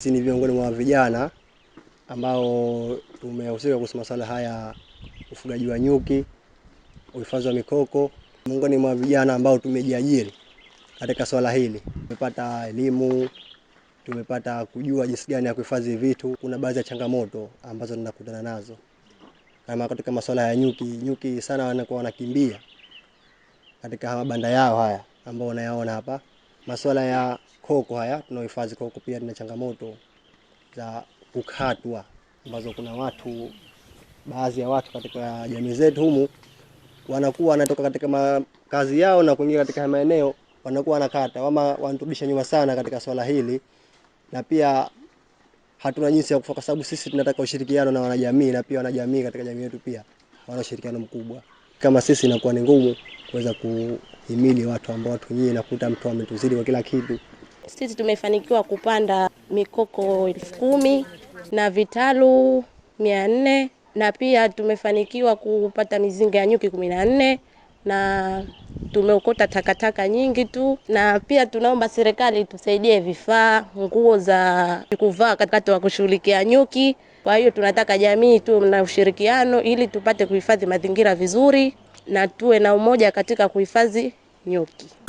Sisi ni miongoni mwa vijana ambao tumehusika kuhusu masuala haya ufugaji wa nyuki, uhifadhi wa mikoko, miongoni mwa vijana ambao tumejiajiri katika swala hili. Tumepata elimu, tumepata kujua jinsi gani ya kuhifadhi vitu. Kuna baadhi ya changamoto ambazo tunakutana nazo kama katika masuala ya nyuki. Nyuki sana wanakuwa wanakimbia katika mabanda yao haya ambao unayaona hapa, masuala ya koko haya tunaohifadhi koko, pia tuna changamoto za kukatwa ambazo kuna watu baadhi ya watu katika jamii zetu humu wanakuwa wanatoka katika makazi yao na kuingia katika maeneo wanakuwa wanakata ama wanaturudisha nyuma sana katika swala hili, na pia hatuna jinsi ya kufa, kwa sababu sisi tunataka ushirikiano na wanajamii, na pia wanajamii katika jamii yetu pia wana ushirikiano mkubwa. Kama sisi inakuwa ni ngumu kuweza kuhimili watu ambao watu wenyewe, nakuta mtu ametuzidi kwa kila kitu. Sisi tumefanikiwa kupanda mikoko elfu kumi na vitalu mia nne na pia tumefanikiwa kupata mizinga ya nyuki kumi na nne na tumeokota takataka nyingi tu, na pia tunaomba serikali tusaidie vifaa, nguo za kuvaa wakati wa kushughulikia nyuki. Kwa hiyo tunataka jamii tu na ushirikiano ili tupate kuhifadhi mazingira vizuri na tuwe na umoja katika kuhifadhi nyuki.